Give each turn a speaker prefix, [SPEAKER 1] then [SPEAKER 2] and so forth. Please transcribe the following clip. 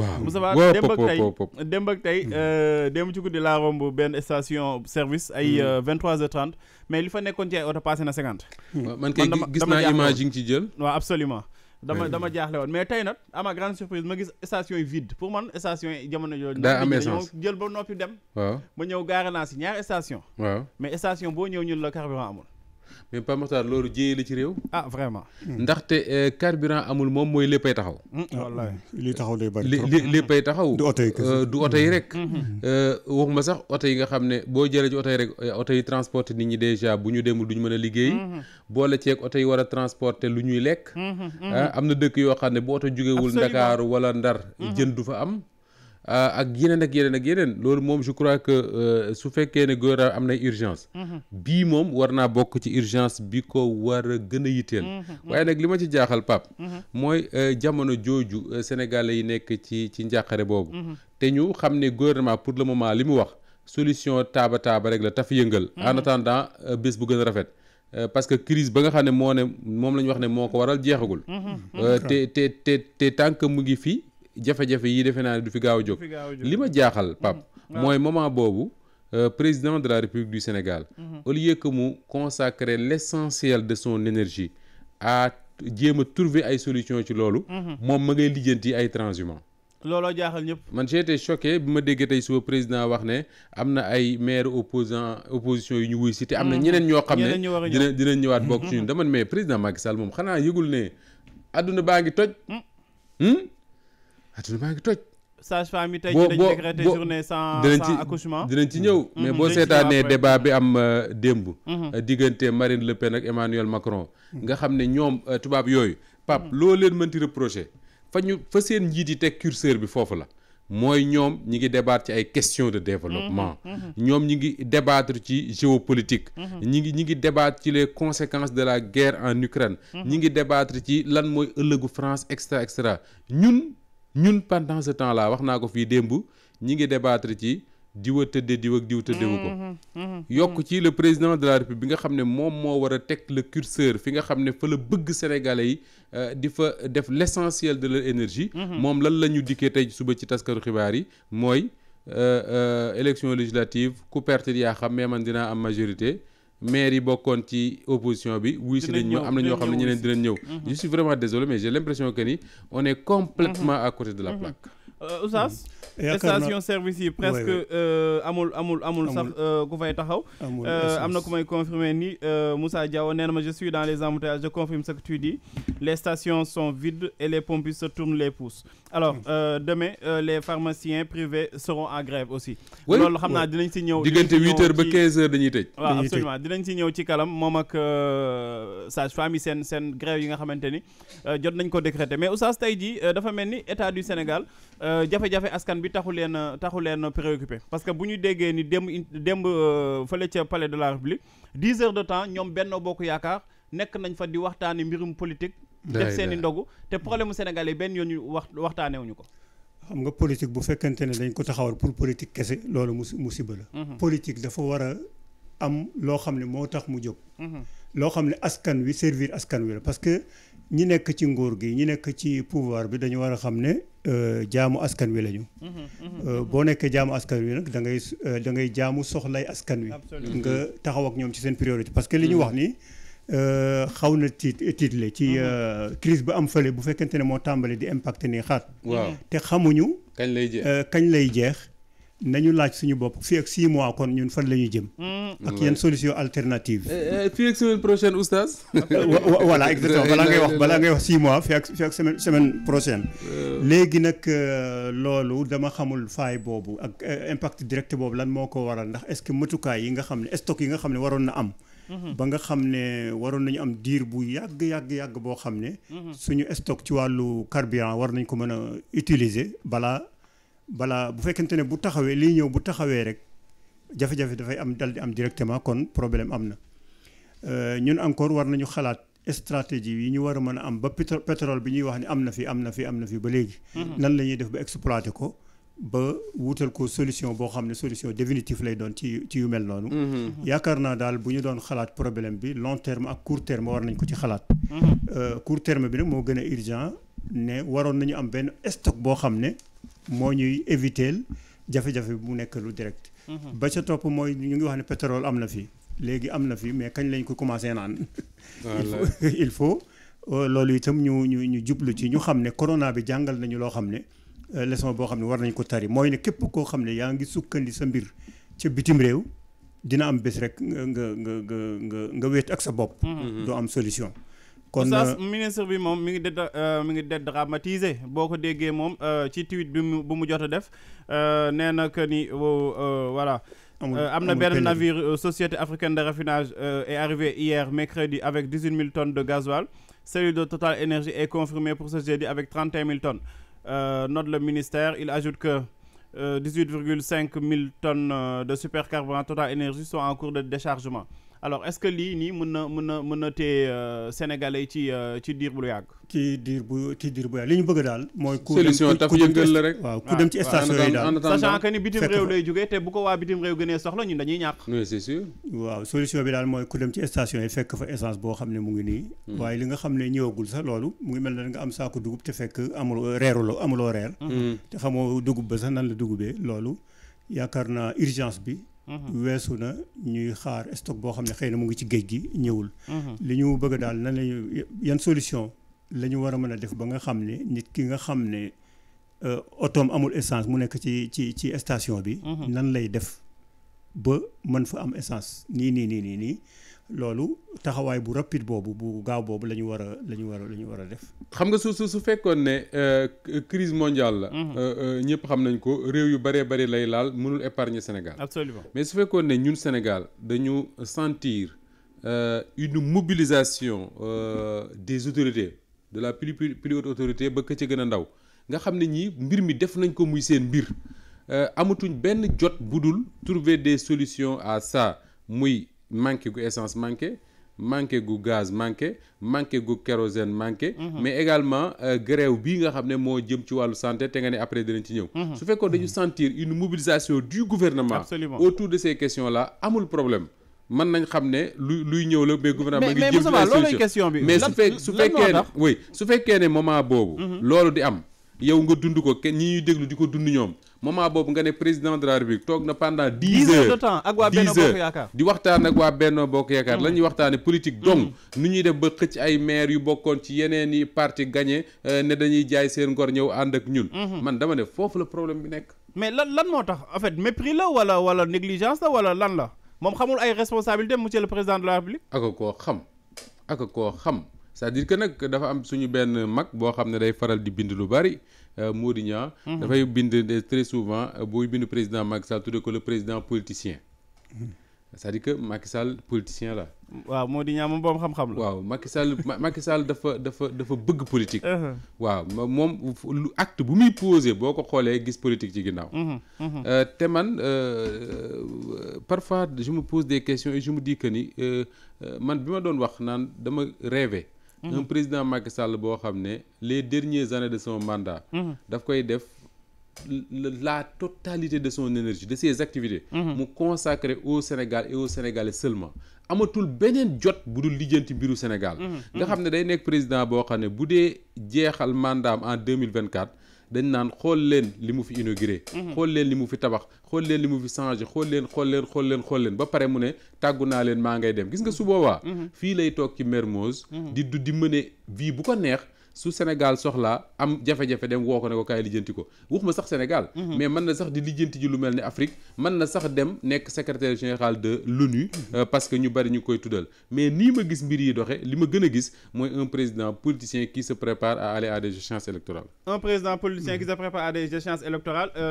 [SPEAKER 1] waaw Moussa démb ak tey démb ak tey démb ci guddi laa romb benn station service ay 23h30 mm-hmm. euh, mais li fa nekkoon ci ay oto passé na 50. Mm-hmm. man kay gis naa image yi nga ci jël. waaw absolument dama mm-hmm. dama jaaxle woon mais tey nag à ma grande surprise ma gis station yi vide pour man station yi jamono jooju. daa am essence jël ba noppi dem. waaw ma ñëw gaare naa si ñaari station mais station boo ñëw ñun la carburant amul.
[SPEAKER 2] mais Pape Makhtar loolu jéyee la ci réew. ah vraiment. ndaxte euh, carburant amul moom mooy léppay taxaw. Ah, wallaay li taxaw day bari. li léppay taxaw. du oto yi euh, du yi rek. Euh, waxuma sax oto yi nga xam ne boo jëlee ci oto yi rek oto yi transporté nit ñi déjà bu ñu demul du ñu mën a liggéey. boole ceeg oto yi war a transporté lu ñuy lekk. Ah, am na dëkk yoo xam ne bu oto jugewul Ndakaaru wala Ndar jën du fa am. Euh, ak yeneen ak yeneen ak yeneen loolu moom je crois que euh, su fekkee ne góor am na urgence. Mhm. bii moom war naa bokk ci urgence bi ko war a gën a yitteel. Mhm. Mhm. waaye nag li ma ci jaaxal Pape. mooy euh, jamono jooju sénégalais yi nekk ci ci njàqare boobu. te ñu xam ne gouvernement pour le moment li mu wax solution taaba taaba rek la taf yëngal. en attendant bés bu gën a rafet. parce que crise ba nga xam ne moo ne moom la ñu wax ne moo ko waral jeexagul. te te te te que mu ngi fi jafe-jafe yi defe naa ne du fi gaaw a jóg li ma jaaxal pap mm-hmm. mooy moment boobu euh, président de la République du Sénégal mm-hmm. au lieu que mu consacrer l'essentiel de son énergie à jéem a trouver ay solution ci loolu mm-hmm. moom ma ngay lijjanti ay transhumants looloo jaaxal ñëpp man j'étais choqué bi ma déggee tey suba président wax ne am na ay maire opposant opposition yu ñu wuy si te am na ñeneen ñoo xam ne dina dinañ ñëwaat bokk ci ñun dama ne mais président Macky Sall moom xanaa yëgul ne adduna baa ngi toj hmm? accouchement gi toj.
[SPEAKER 1] sage femme yi tey jii dañu décrété
[SPEAKER 2] dinañ ci ñëw. Mhm. mais boo seetaanee débat bi am euh, démb. Mhm. Euh, diggante Marine Le Pen ak Emmanuel Macron. Mhm. nga xam ne ñoom euh, tubaab yooyu. Pape loo leen mënti reproché fa ñu fa seen njiit yi teg curseur bi foofu la. mooy ñoom ñi ngi débattre ci ay questions de développement ñoom ñi ngi débattre ci géopolitique ñi ngi ñi ngi débattre ci les conséquence de la guerre en Ukraine ñi ngi débattre ci lan mooy ëllëgu France extra extra ñun ñun pendant ce temps là wax naa ko fii démb ñi ngi débattre ci diwa tëdde diw ak diw tëddewu ko mm-hmm, mm-hmm, mm-hmm. yokk ci le président de la république bi nga xam ne moom moo war teg le curseur fi nga xam ne fa la bëgg sénégalais yi euh, di fa def l' de leur énergie moom lan la ñu dikkee tey suba ci taskaru xibaar yi mooy euh, euh, élection législative ku yaa xam mais man dinaa am majorité maire yi bokkoon ci opposition bi wuy si nañ ñëw am na ñoo xam ne ñeneen dinañ ñëw mhm. je suis vraiment désolé mais j'ai l'impression que ni on est complètement mhm. à côté de la mhm. plaque
[SPEAKER 1] Euh, Oustaz mm. yaakaar station service yi presque euh, amul amul amul sax euh, ku fay taxaw. am na ku may confirmer ni Moussa Diaw nee na ma je suis dans les embouteillages je confirme ce que tu dis les stations sont vides et les pompistes se tournent les pouces. alors mm. euh, demain euh, les pharmaciens privés seront en grève aussi. loolu xam naa dinañ si ñëw. diggante huit heures ba quinze heures dañuy tëj. waaw absolument dinañ si ñëw ci kalam moom ak sage-femme seen seen grève yi nga xamante ni jot nañ ko décréter mais Oustaz tey jii dafa mel ni état du Sénégal. Euh, jafe-jafe askan bi taxu leen taxu leen préoccupé parce que bu ñu déggee ni démb démb euh, fële ca palais de la république dix heures de temps ñoom Benno Bokk Yaakaar nekk nañ fa di waxtaane mbirum politique def seen i ndogu te problème mu Sénégal yi benn yoon ñu wax waxtaanewuñu ko
[SPEAKER 3] xam nga politique bu fekkente ne dañ ko taxawal pour politique kese loolu musiba la mhm. politique dafa war am loo xam ne moo tax mu jóg. Mhm. loo xam ne askan wi servir askan wi la parce que ñi nekk ci nguur gi ñi nekk ci pouvoir bi dañu war a xam ne euh, jaamu askan wi lañu. Mhm, mhm, euh, boo nekkee jaamu askan wi nag da ngay euh, da ngay jaamu soxlay askan wi. nga taxaw ak ñoom ci seen priorité parce que li ñu wax nii. xaw na tiit tiit tiitle ci crise bu am fële bu fekkente ne moo tàmbali di impacté nii xaat. waaw te xamuñu. kañ lay kañ lay jeex. nañu laaj suñu bopp fi ak 6 mois kon ñun fan la ñu jëm. Mm. ak yenn solution alternative.
[SPEAKER 2] Eh, eh, fii ak semaine prochaine oustaz. voilà exactement balaa ngay wax balaa ngay wax 6
[SPEAKER 3] mois fii ak fii ak semaine semaine euh. léegi nag euh, loolu dama xamul faay boobu ak euh, impact direct boobu lan moo ko waral ndax est-ce que matukaay yi nga xam ne stock yi nga xam ne waroon na am. Mm-hmm. ba nga xam ne waroon nañu am diir bu yàgg yàgg yàgg boo xam ne. Mm-hmm. suñu stock ci wàllu carburant war nañ ko mën a utiliser balaa bu fekkente ne bu taxawee lii ñëw bu taxawee rek jafe-jafe dafay am dal di am directement kon problème am na euh, ñun encore war nañu xalaat stratégie yi ñu war a mën a am ba pétrole bi ñuy wax ne am na fi am na fi am na fi ba léegi mm-hmm. nan la ñuy def ba exploité ko ba wuutal ko solution boo xam ne solution définitive lay doon ci ci yu mel noonu mm-hmm. yaakaar naa daal bu ñu doon xalaat problème bi long terme ak court terme war nañ ko ci xalaat mm-hmm. euh, court bi nag moo gën a urgent ne waroon nañu am benn stock boo xam ne moo ñuy éviter jafe-jafe bu mu nekk lu direct. Mhm. ba ca topp mooy ñu ngi wax ne pétrole am na fi léegi am na fi mais kañ lañ ko commencé naan. il faut euh, loolu itam ñu ñu ñu jublu ci ñu xam ne corona bi jàngal nañu loo xam ne euh, leçon boo xam ne war nañ ko tari mooy ne képp koo xam ne yaa ngi sukkandi sa mbir ca bitim réew dina am bés rek nga nga nga nga nga wéet ak sa bopp. Mhm. Mhm. doo am solution. kon euh,
[SPEAKER 1] ministre bi moom mi ngi dé euh, mi ngi dédramatisé boo ko déggee moom euh, ci tweet bi mu bu mu jot a def nee na que ni voilà. am na benn navire société africaine de raffinage est arrivé hier mercredi avec dix huit mille tonnes de gasoil celui de Total Énergie est confirmé pour ce jeudi avec trente et un mille tonnes note le ministère il ajoute que dix huit cinq mille tonnes de supercarburant Total Énergie sont en cours de déchargement. alors est-ce que lii nii mën na mën na mën na tee euh, sénégalais ci euh, ci diir bu yàgg. ci diir bu ci diir bu yàgg li ñu bëgg daal. mooy ku dem solution taf yëngal la rek. waaw ku dem ci station yi daal sachant que te bu ko waa bitim réew gënee soxla ñun dañuy ñàkk.
[SPEAKER 2] oui
[SPEAKER 3] waaw solution bi daal mooy ku dem ci station yi fekk fa essence boo xam ne mu ngi nii. Hmm. waaye li nga xam ne ñëwagul sax loolu mu ngi mel ne nga am saako dugub te fekk amuloo reeruloo amuloo reer. Hmm. te xamoo dugub ba sax nan la dugubee loolu yaakaar na urgence bi weesu na ñuy xaar stock boo xam ne xëy na mu ngi ci géej gi ñëwul. li ñu bëgg daal nan la yan solution la ñu war a mën a def ba nga xam ne nit ki nga xam ne euh, otoom amul essence mu nekk ci ci ci station bi. Mhm. nan lay def ba man fa am essence nii nii nii nii. loolu taxawaay bu rapide boobu bu gaaw boobu la ñu war a
[SPEAKER 2] la war a la ñu war a def. xam nga su su su fekkoon ne euh, crise mondiale la. Mhm. Euh, euh, ñëpp xam nañ ko réew yu bëree bëri lay laal mënul épargner Sénégal. absolument mais su fekkoon ne ñun Sénégal dañu sentir une mobilisation des autorités de la plus plus haute autorité ba ka ci gën a ndaw nga xam ne ñii mbir mi def nañ ko muy seen mbir amatuñ benn jot budul trouver des solutions à ça muy. manqué gu essence manqué manqué gu gaz manqué manqué gu kérosène manqué mhm. mais également euh, grève bii nga xam ne moo jëm ci wàllu santé te nga ne après dinañ ci ñëw mhm. su fekkoon dañu sentir une mobilisation du gouvernement Absolument. autour de ces questions la amul problème mën nañ xam ne lu luy ñëw la mais gouvernement ngi jëm ci solution mais su fekk su fekkee oui su fekkee ne moment boobu mhm. loolu di am yow nga dund ko kenn ñi ñuy déglu di ko dund ñoom moment boobu nga ne président de la République toog na pendant dix heures de temps ak waa Benno Bokk Yaakaar di waxtaan ak waa Benno Bokk Yaakaar mm. la ñuy waxtaane politique donc mm. nu ñuy def ba xëcc ay maire yu bokkoon ci yeneen i parti gagné euh, ne dañuy jaay seen ngor ñëw ànd ak ñun mm-hmm. man dama ne foofu la problème bi nekk mais lan lan moo tax en fait mépris la wala wala négligence la wala lan la moom xamul ay responsabilité monsieur le président de la République ak koo xam ak koo xam c'est-à-dire que nag dafa am suñu benn mag boo xam ne day faral di bind lu bari euh, Mody Niang mhm. dafay bind très souvent euh, booy bind président Macky Sall tudde ko le président politicien mhm. cest dire que Macky Sall politicien la waaw modina Niang moom boobu xam-xam la waaw Macky Sall Macky Sall dafa dafa dafa bëgg politique uh-huh. waaw moom lu acte bu muy posé boo ko xoolee gis politique ci ginnaaw mhm, euh, te man parfois je me pose des questions et je me dis que ni man bi ma doon wax naan dama rêvé un président Macky Sall boo xam ne les dernières années de son mandat. daf koy def la totalité de son énergie de ses activités. mu consacré au Sénégal et aux Sénégalais seulement. amatul beneen jot bu dul lijjanti mbiru Sénégal. Mm-hmm. nga xam ne day nekk président boo xam ne bu dee jeexal mandaam en deux mille vingt quatre dañ naan xool leen li mu fi inauguré mhm. xool leen li mu fi tabax xool leen li mu fi changé xool leen xool leen xool leen xool leen ba pare mu ne tàggu naa leen maa ngay dem gis nga su boobaa mhm. fii lay toog ci Mermoz mhm. di du di mëne vie bu ko neex su Sénégal soxlaa am jafe-jafe dem woo ko ne ko kaay lijjanti ko wax ma sax Sénégal mhm. mais mën na sax di lijjanti ji lu mel ne Afrique mën na sax dem nekk secrétaire général de l'ONU mhm. euh, parce que ñu bari ñu koy tuddal mais nii ma gis mbir yi doxe li ma gën a gis mooy un président politicien qui se prépare à aller à des échéances électorales
[SPEAKER 1] un président politicien mhm. qui se prépare à des échéances électorales euh,